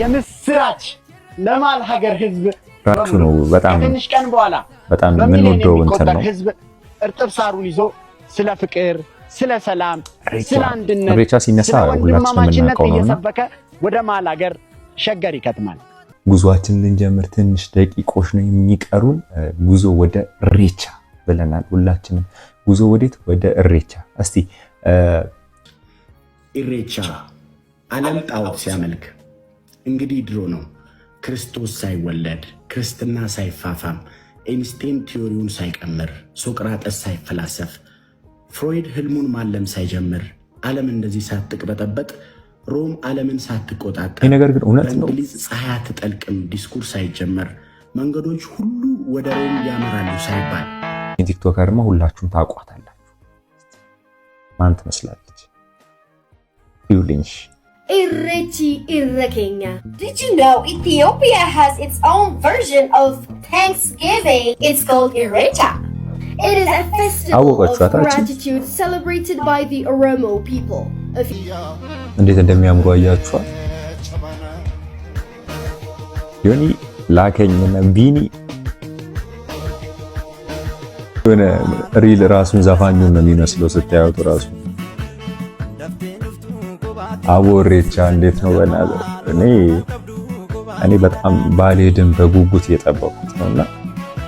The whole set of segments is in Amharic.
የምስራች ለማል ሀገር ህዝብ ራሱ ነው። በጣም ቀን በኋላ በጣም የምንወደው እንትን ነው። ህዝብ እርጥብ ሳሩን ይዞ ስለ ፍቅር፣ ስለ ሰላም፣ ስለ አንድነት ሲነሳ እየሰበከ ወደ ማል ሀገር ሸገር ይከትማል። ጉዟችን ልንጀምር ትንሽ ደቂቆች ነው የሚቀሩን። ጉዞ ወደ ኢሬቻ ብለናል ሁላችንም። ጉዞ ወዴት? ወደ እስቲ ጣዖት ሲያመልክ እንግዲህ ድሮ ነው ክርስቶስ ሳይወለድ ክርስትና ሳይፋፋም ኤንስቴን ቲዮሪውን ሳይቀምር ሶቅራጠስ ሳይፈላሰፍ ፍሮይድ ህልሙን ማለም ሳይጀምር ዓለም እንደዚህ ሳትቅበጠበጥ ሮም ዓለምን ሳትቆጣጠር ነገር ግን እውነት ነው በእንግሊዝ ፀሐይ አትጠልቅም ዲስኩር ሳይጀመር መንገዶች ሁሉ ወደ ሮም ያመራሉ ሳይባል የቲክቶከርማ ሁላችሁም ታውቋታላችሁ። ማን ትመስላለች? ዩሊንሽ Irrechi Irrekenya. Did you know Ethiopia has its own version of Thanksgiving? It's called Irecha. It is a festival of gratitude celebrated by the Oromo people. እንዴት እንደሚያምሩ አያችኋል። ዮኒ ላከኝና ቢኒ የሆነ ሪል ራሱን ዘፋኙን ነው የሚመስለው ስታዩት ራሱ አቦሬቻ እንዴት ነው? በናዘ እኔ እኔ በጣም ባልሄድም በጉጉት እየጠበቁት ነውና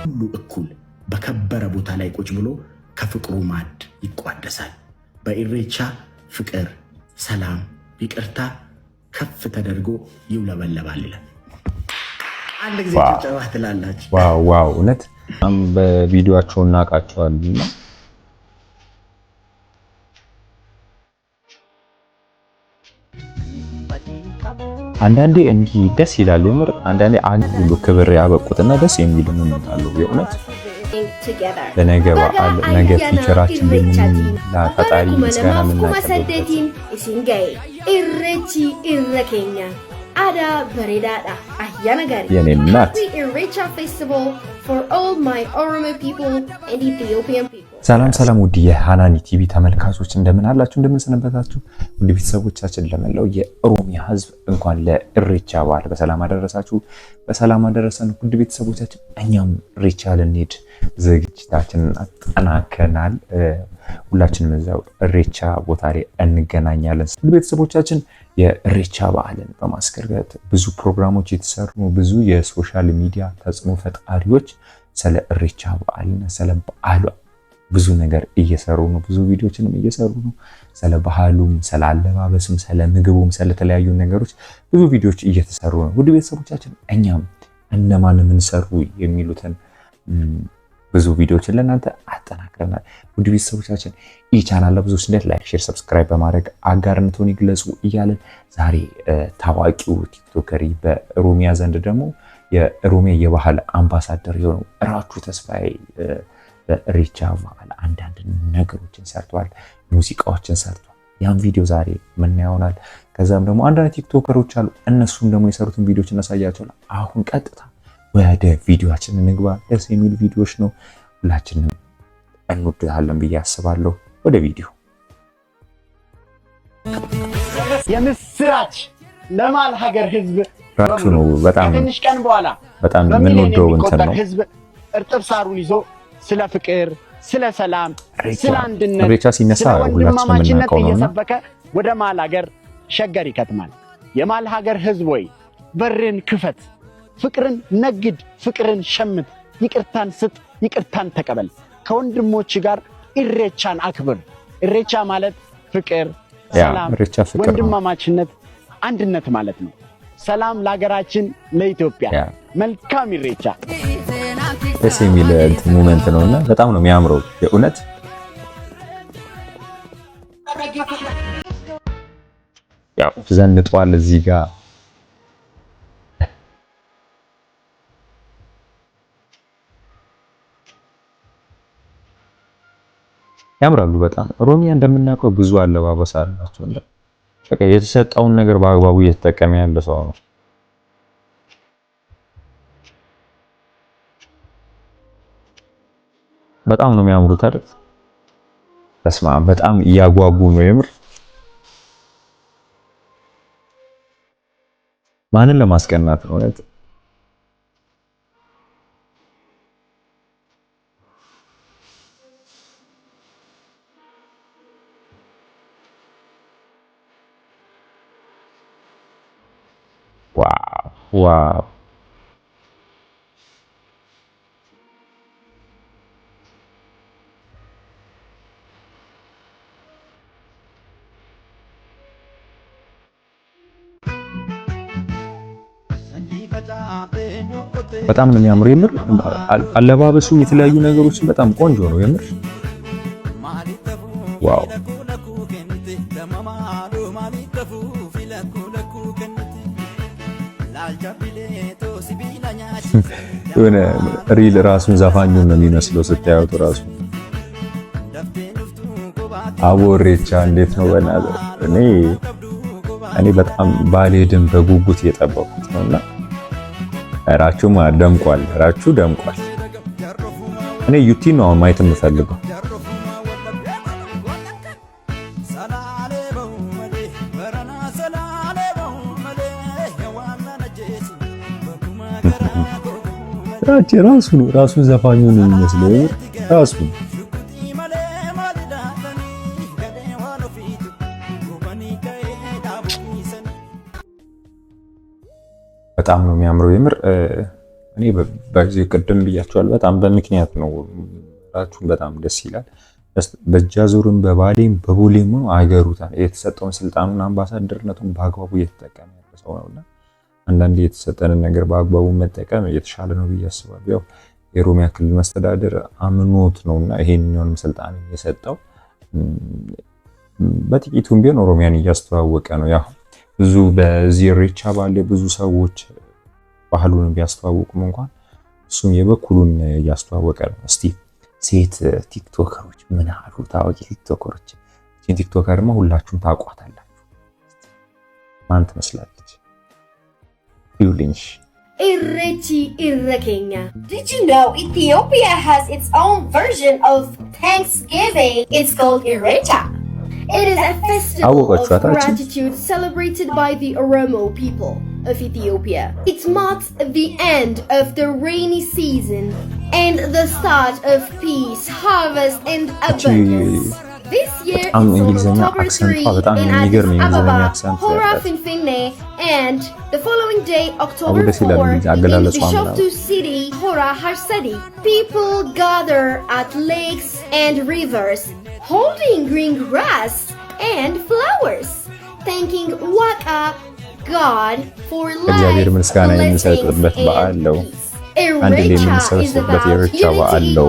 ሁሉ እኩል በከበረ ቦታ ላይ ቁጭ ብሎ ከፍቅሩ ማድ ይቋደሳል። በኢሬቻ ፍቅር፣ ሰላም፣ ይቅርታ ከፍ ተደርጎ ይውለበለባል ይላል። አንድ ጊዜ ጭብጨባ ትላላችሁ። ዋው ዋው! እውነት በቪዲዮቸው እናውቃቸዋልና አንዳንዴ እንዲህ ደስ ይላል የምር አንዳንዴ አንድ ሁሉ ክብር ያበቁትና ደስ የሚል ምንጣሉ የእውነት ለነገ በዓል ነገ ፊቸራችን ለፈጣሪ ምስጋና የምናቀርብበት የኔ እናት ሰላም ሰላም ውድ የሃናኒ ቲቪ ተመልካቾች እንደምን አላችሁ? እንደምን ሰነበታችሁ? ውድ ቤተሰቦቻችን ለመላው የኦሮሚያ ሕዝብ እንኳን ለኢሬቻ በዓል በሰላም አደረሳችሁ፣ በሰላም አደረሰን። ውድ ቤተሰቦቻችን እኛም ኢሬቻ ልንሄድ ዝግጅታችንን አጠናከናል። ሁላችንም እዛው ኢሬቻ ቦታ ላይ እንገናኛለን። ውድ ቤተሰቦቻችን የኢሬቻ በዓልን በማስገርገጥ ብዙ ፕሮግራሞች የተሰሩ ብዙ የሶሻል ሚዲያ ተጽዕኖ ፈጣሪዎች ስለ ኢሬቻ በዓልና ስለ በዓሉ ብዙ ነገር እየሰሩ ነው። ብዙ ቪዲዮችንም እየሰሩ ነው። ስለ ባህሉም፣ ስለ አለባበስም፣ ስለ ምግቡም፣ ስለተለያዩ ነገሮች ብዙ ቪዲዮች እየተሰሩ ነው። ውድ ቤተሰቦቻችን እኛም እነማን የምንሰሩ የሚሉትን ብዙ ቪዲዮዎችን ለእናንተ አጠናክረናል። ውድ ቤተሰቦቻችን ይህ ቻናል ለብዙ ስደት ላይክ፣ ሼር፣ ሰብስክራይብ በማድረግ አጋርነቱን ይግለጹ እያለን ዛሬ ታዋቂው ቲክቶከሪ በሮሚያ ዘንድ ደግሞ የሮሚያ የባህል አምባሳደር የሆነው ራቹ ተስፋዬ በኢሬቻ በዓል አንዳንድ ነገሮችን ሰርተዋል፣ ሙዚቃዎችን ሰርተዋል። ያን ቪዲዮ ዛሬ የምናየው ይሆናል። ከዛም ደግሞ አንዳንድ ቲክቶከሮች አሉ፣ እነሱም ደግሞ የሰሩትን ቪዲዮዎች እናሳያቸዋል። አሁን ቀጥታ ወደ ቪዲዮችን እንግባ። ደስ የሚሉ ቪዲዮዎች ነው፣ ሁላችንም እንወድሃለን ብዬ አስባለሁ። ወደ ቪዲዮ የምስራች ለማል ሀገር ህዝብ ራሱ ነው። በጣም ትንሽ ቀን በኋላ በጣም የምንወደው እንትን ነው። ህዝብ እርጥብ ሳሩን ይዞ ስለ ፍቅር፣ ስለ ሰላም፣ ስለ አንድነት፣ ስለ ወንድማማችነት እየሰበከ ወደ መሀል ሀገር ሸገር ይከትማል። የመሀል ሀገር ህዝብ ወይ በርን ክፈት፣ ፍቅርን ነግድ፣ ፍቅርን ሸምት፣ ይቅርታን ስጥ፣ ይቅርታን ተቀበል፣ ከወንድሞች ጋር እሬቻን አክብር። እሬቻ ማለት ፍቅር፣ ሰላም፣ ወንድማማችነት፣ አንድነት ማለት ነው። ሰላም ለሀገራችን ለኢትዮጵያ። መልካም ኢሬቻ ደስ የሚል ሞመንት ነው እና በጣም ነው የሚያምረው የእውነት ያው ዘንጧል እዚህ ጋር ያምራሉ በጣም ሮሚያ እንደምናውቀው ብዙ አለባበስ አላቸው። በቃ የተሰጠውን ነገር በአግባቡ እየተጠቀመ ያለ ሰው ነው። በጣም ነው የሚያምሩት አይደል? ተስማ በጣም እያጓጉ ነው የምር። ማንን ለማስቀናት ነው እውነት? ዋው ዋው በጣም ነው የሚያምሩ። የምር አለባበሱ፣ የተለያዩ ነገሮችን በጣም ቆንጆ ነው የምር ዋው። የሆነ ሪል ራሱን ዘፋኙን ነው የሚመስለው ስታዩት ራሱ አቦሬቻ እንዴት ነው በእናትህ እኔ እኔ በጣም ባልሄድም በጉጉት እየጠበቁት ነውና ራችሁ ደምቋል። ራችሁ ደምቋል። እኔ ዩቲ ነው አሁን ማየት የምፈልገው። ራሱ ነው ራሱ ዘፋኙ ነው የሚመስለው ራሱ በጣም ነው የሚያምረው። የምር እኔ በዚህ ቅድም ብያቸዋል። በጣም በምክንያት ነው ራችሁን በጣም ደስ ይላል። በጃዙርም በባሌም በቦሌም ሆኖ አገሩታል የተሰጠውን ስልጣኑን አምባሳደርነቱን በአግባቡ እየተጠቀመ ያለ ሰው ነውና አንዳንድ የተሰጠንን ነገር በአግባቡ መጠቀም እየተሻለ ነው ብዬ አስባለሁ። ያው የኦሮሚያ ክልል መስተዳደር አምኖት ነውና ይሄንንም ስልጣን የሰጠው በጥቂቱም ቢሆን ኦሮሚያን እያስተዋወቀ ነው ያው ብዙ በዚህ ኢሬቻ ባለ ብዙ ሰዎች ባህሉን ቢያስተዋውቁም እንኳን እሱም የበኩሉን እያስተዋወቀ ነው። እስቲ ሴት ቲክቶከሮች ምን አሉ? ታዋቂ ቲክቶከሮች። ቲክቶከር ቲክቶከርማ ሁላችሁም ታውቋታላችሁ። ማን ትመስላለች? ዩልንሽ ኢሬቺ ኢረኬኛ Did you know Ethiopia has its own version of Thanksgiving? It's called Irecha. of gratitude celebrated by the Oromo people of Ethiopia. It marks the end of the rainy season and the start of peace, harvest and abundance. This year በጣም እንግሊዝኛ አክሰንቷ በጣም የሚገርም የእንግሊዝኛ አክሰንት and the following day, October 4, in Bishoftu city, Hora Harsadi, people gather at lakes and rivers, holding green grass and flowers, thanking Waka God for life, blessings, and peace. Ericha is about የርቻ በዓል ነው።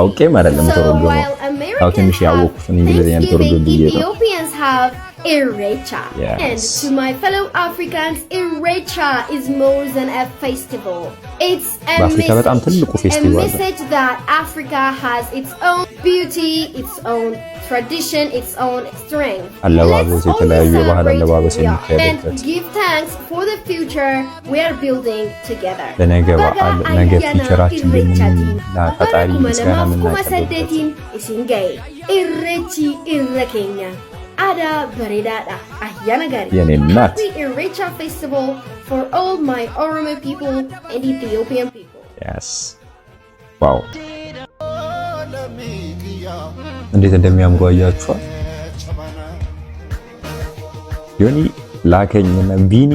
አውቄ ማለት ለምተረጎሙ ያው ትንሽ ያወቁትን እንግሊዝኛ ተረጎም ብዬ Yes. And to my fellow Africans, Ericha is more than a festival. It's a, message, a message that Africa has its own beauty, its own tradition, its own strength. Let us የባህል give thanks for the future we are building together. ለነገ በዓል ነገ ፊቸራችን ብንና ፈጣሪ ምስጋና የምናቀርብበት ኢሬቺ ኢረኬኛ አዳ በሬዳዳ አያነጋሪ የኔ እናት ኢሬቻ ፌስቲቫል for all my Oromo people and Ethiopian people. Yes. Wow. እንዴት እንደሚያምጓያችኋል። ዮኒ ላከኝና ቢኒ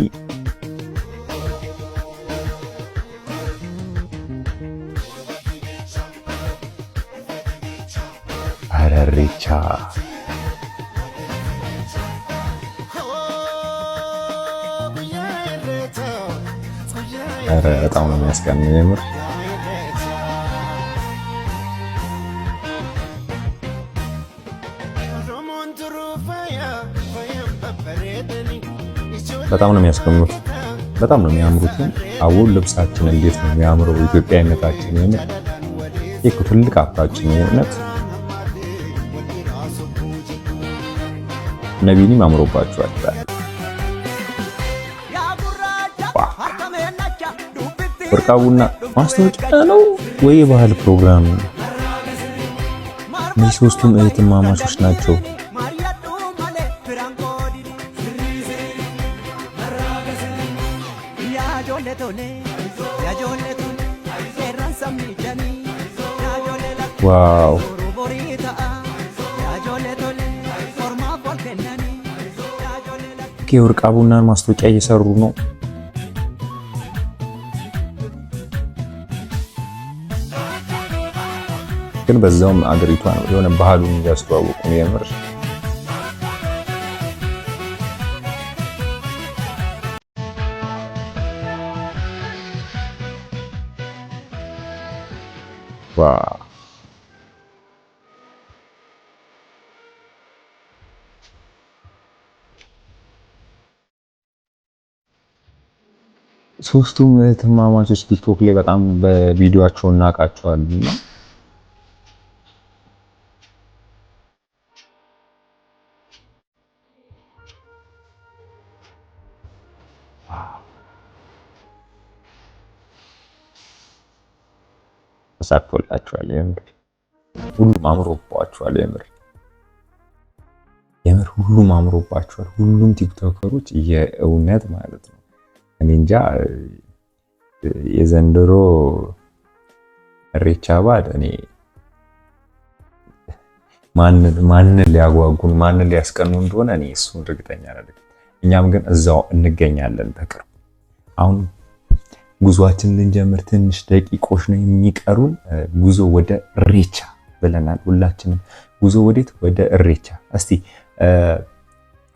ሀረሪቻ በጣም ነው የሚያስቀን የምር በጣም ነው የሚያስቀምሩት፣ በጣም ነው የሚያምሩት። አሁን ልብሳችን እንዴት ነው የሚያምረው! ኢትዮጵያዊነታችን የምር ይህ ትልቅ ሀብታችን የእውነት ነቢኒም አምሮባቸዋል። ወርቃ ቡና ማስታወቂያ ነው ወይ ባህል ፕሮግራም? እነዚህ ሶስቱም እህትማማቾች ናቸው። ዋው የወርቃ ቡናን ማስታወቂያ እየሰሩ ነው። ግን በዛውም አገሪቷን የሆነ ባህሉን እያስተዋወቁ የምር Opa! ሶስቱም እህትማማቾች ቲክቶክ ላይ በጣም በቪዲዮአቸው እናውቃቸዋለን እና ተሳክቶላችኋል። የምር ሁሉም አምሮባችኋል። የምር የምር ሁሉም አምሮባችኋል። ሁሉም ቲክቶከሮች የእውነት ማለት ነው። እኔ እንጃ የዘንድሮ ኢሬቻ በዓል እኔ ማንን ሊያጓጉን ማንን ሊያስቀኑ እንደሆነ እኔ እሱን እርግጠኛ አይደለም። እኛም ግን እዛው እንገኛለን በቅርቡ አሁን ጉዞአችን ልንጀምር ትንሽ ደቂቆች ነው የሚቀሩን። ጉዞ ወደ እሬቻ ብለናል ሁላችንም። ጉዞ ወዴት? ወደ እሬቻ። እስቲ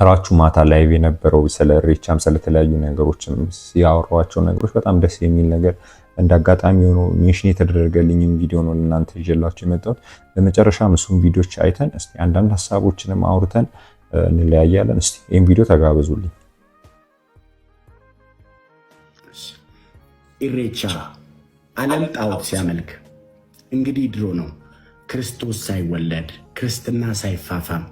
እራችሁ ማታ ላይቭ የነበረው ስለ እሬቻም ስለተለያዩ ነገሮችም ያወሯቸው ነገሮች በጣም ደስ የሚል ነገር እንደ አጋጣሚ ሆኖ ሜንሽን የተደረገልኝም ቪዲዮ ነው ለእናንተ ይዤላችሁ የመጣሁት። በመጨረሻም እሱም ቪዲዮች አይተን እስቲ አንዳንድ ሀሳቦችንም አውርተን እንለያያለን። እስቲ ይህም ቪዲዮ ተጋበዙልኝ። ኢሬቻ ዓለም ጣዖት ሲያመልክ እንግዲህ ድሮ ነው ክርስቶስ ሳይወለድ ክርስትና ሳይፋፋም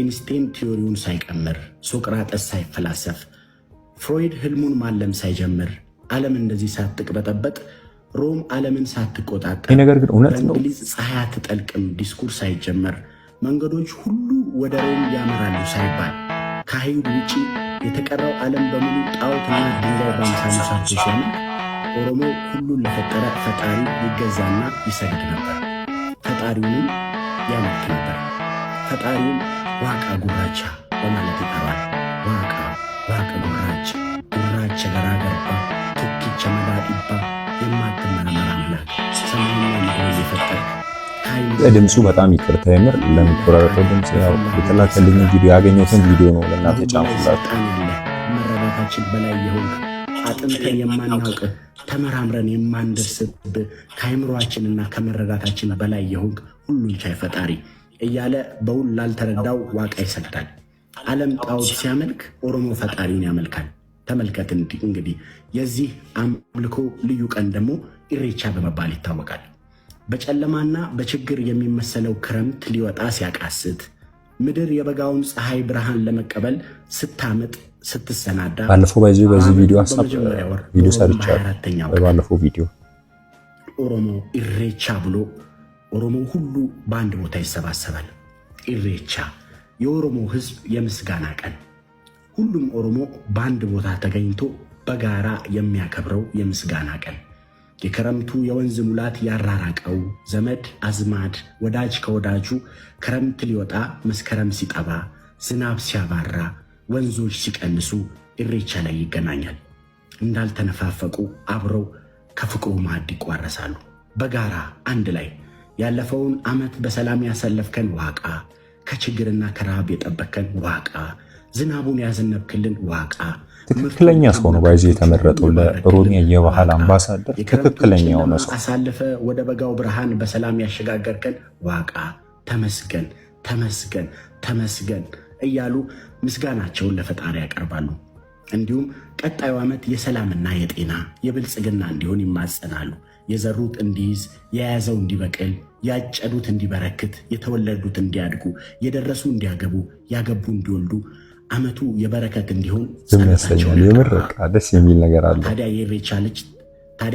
ኤንስቴን ቲዮሪውን ሳይቀምር ሶቅራጠስ ሳይፈላሰፍ ፍሮይድ ህልሙን ማለም ሳይጀምር ዓለም እንደዚህ ሳትቅበጠበጥ ሮም ዓለምን ሳትቆጣጠር ነገር ግን እውነት ነው። በእንግሊዝ ፀሐይ አትጠልቅም ዲስኩር ሳይጀመር መንገዶች ሁሉ ወደ ሮም ያመራሉ ሳይባል ከአይሁድ ውጪ የተቀረው ዓለም በሙሉ ጣዖትና ድንጋይ በአምሳሉ ሳቶ ኦሮሞ ሁሉን ለፈጠረ ፈጣሪ ይገዛና ይሰግድ ነበር። ፈጣሪውንም ያመልክ ነበር። ፈጣሪውን ዋቃ ጉራቻ በማለት ይጠራል። ዋቃ ዋቅ ጉራች ጉራቸ ለራገርባ ትኪቸ ትክቸ መዳጢባ የማትመረመር አምላክ ሰማይና እየፈጠረ ድምፁ በጣም ይቅርታ የምር ለሚቆራረጠው ድምፅ ያው የተላከልኝ ቪዲዮ ያገኘሁትን ቪዲዮ ነው ለእናንተ ጫንኩላችሁ። መረዳታችን በላይ የሆንክ አጥንተን የማናውቅ ተመራምረን የማንደርስብ ከአይምሯችንና ከመረዳታችን በላይ የሆንክ ሁሉን ቻይ ፈጣሪ እያለ በውል ላልተረዳው ዋቃ ይሰግዳል። ዓለም ጣዖት ሲያመልክ ኦሮሞ ፈጣሪውን ያመልካል። ተመልከት እንግዲህ የዚህ አምልኮ ልዩ ቀን ደግሞ ኢሬቻ በመባል ይታወቃል። በጨለማና በችግር የሚመሰለው ክረምት ሊወጣ ሲያቃስት፣ ምድር የበጋውን ፀሐይ ብርሃን ለመቀበል ስታምጥ ስትሰናዳ ባለፈው ባይዙ በዚህ ቪዲዮ ሀሳብ ቪዲዮ ሰርቻለሁ። ባለፈው ቪዲዮ ኦሮሞ ኢሬቻ ብሎ ኦሮሞ ሁሉ በአንድ ቦታ ይሰባሰባል። ኢሬቻ የኦሮሞ ሕዝብ የምስጋና ቀን፣ ሁሉም ኦሮሞ በአንድ ቦታ ተገኝቶ በጋራ የሚያከብረው የምስጋና ቀን፣ የክረምቱ የወንዝ ሙላት ያራራቀው ዘመድ አዝማድ ወዳጅ ከወዳጁ ክረምት ሊወጣ መስከረም ሲጠባ ዝናብ ሲያባራ ወንዞች ሲቀንሱ እሬቻ ላይ ይገናኛል። እንዳልተነፋፈቁ አብረው ከፍቅሩ ማዕድ ይቋረሳሉ። በጋራ አንድ ላይ ያለፈውን ዓመት በሰላም ያሰለፍከን ዋቃ፣ ከችግርና ከረሃብ የጠበከን ዋቃ፣ ዝናቡን ያዘነብክልን ዋቃ። ትክክለኛ ሰው ነው ባይዚ የተመረጠው ለኦሮሚያ የባህል አምባሳደር ትክክለኛ የሆነ ሰው አሳልፈ ወደ በጋው ብርሃን በሰላም ያሸጋገርከን ዋቃ፣ ተመስገን ተመስገን ተመስገን። እያሉ ምስጋናቸውን ለፈጣሪ ያቀርባሉ። እንዲሁም ቀጣዩ ዓመት የሰላምና የጤና የብልጽግና እንዲሆን ይማጸናሉ። የዘሩት እንዲይዝ፣ የያዘው እንዲበቅል፣ ያጨዱት እንዲበረክት፣ የተወለዱት እንዲያድጉ፣ የደረሱ እንዲያገቡ፣ ያገቡ እንዲወልዱ፣ ዓመቱ የበረከት እንዲሆን ደስ የሚል ነገር አለ። ታዲያ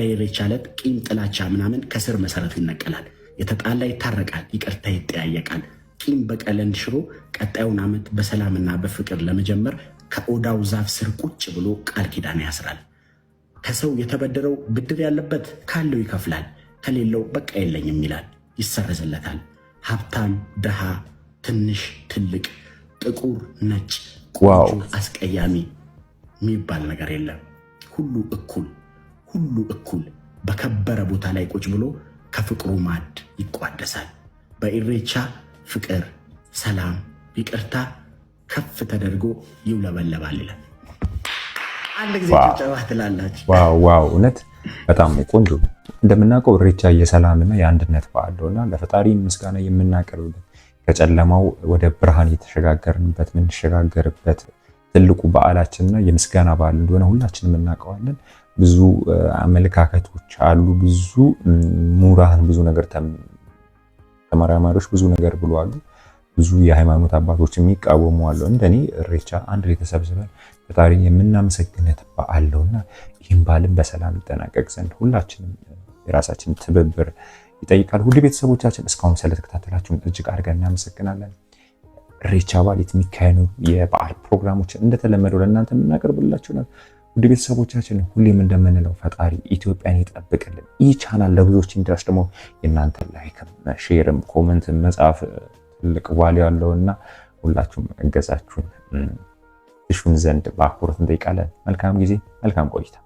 የኢሬቻ ዕለት ቂም፣ ጥላቻ ምናምን ከስር መሰረቱ ይነቀላል። የተጣላ ይታረቃል፣ ይቅርታ ይጠያየቃል። ሙስሊም በቀለን ሽሮ ቀጣዩን ዓመት በሰላምና በፍቅር ለመጀመር ከኦዳው ዛፍ ስር ቁጭ ብሎ ቃል ኪዳን ያስራል። ከሰው የተበደረው ብድር ያለበት ካለው ይከፍላል፣ ከሌለው በቃ የለኝም ይላል፣ ይሰረዝለታል። ሀብታም፣ ድሃ፣ ትንሽ፣ ትልቅ፣ ጥቁር፣ ነጭ፣ ቆንጆ፣ አስቀያሚ የሚባል ነገር የለም። ሁሉ እኩል ሁሉ እኩል በከበረ ቦታ ላይ ቁጭ ብሎ ከፍቅሩ ማዕድ ይቋደሳል። በኢሬቻ ፍቅር፣ ሰላም፣ ይቅርታ ከፍ ተደርጎ ይውለበለባል ይላል። አንድ ጊዜ ጭብጨባ ትላላችሁ። ዋው! እውነት በጣም ቆንጆ። እንደምናውቀው ኢሬቻ የሰላምና የአንድነት በዓል ነው እና ለፈጣሪ ምስጋና የምናቀርብበት ከጨለማው ወደ ብርሃን የተሸጋገርንበት የምንሸጋገርበት ትልቁ በዓላችንና የምስጋና በዓል እንደሆነ ሁላችንም እናውቀዋለን። ብዙ አመለካከቶች አሉ። ብዙ ሙራህን ብዙ ነገር ተመራማሪዎች ብዙ ነገር አሉ ብዙ የሃይማኖት አባቶች የሚቃወሙ አለው። እንደኔ እሬቻ አንድ ላይ ተሰብስበን ፈጣሪ የምናመሰግነት በዓል ይህም በዓልም በሰላም ይጠናቀቅ ዘንድ ሁላችንም የራሳችን ትብብር ይጠይቃል። ሁሉ ቤተሰቦቻችን እስካሁን ስለተከታተላችሁን እጅግ አድርገን እናመሰግናለን። እሬቻ በዓል የሚካሄኑ የበዓል ፕሮግራሞችን እንደተለመደው ለእናንተ የምናቀርብላችሁ ነው። ውድ ቤተሰቦቻችን ሁሌም እንደምንለው ፈጣሪ ኢትዮጵያን ይጠብቅልን። ይህ ቻናል ለብዙዎች እንዲደርስ ደግሞ የእናንተ ላይክም፣ ሼርም፣ ኮመንትም መጽሐፍ ትልቅ ዋሊ ያለው እና ሁላችሁም እገዛችሁን እሹን ዘንድ በአክብሮት እንጠይቃለን። መልካም ጊዜ፣ መልካም ቆይታ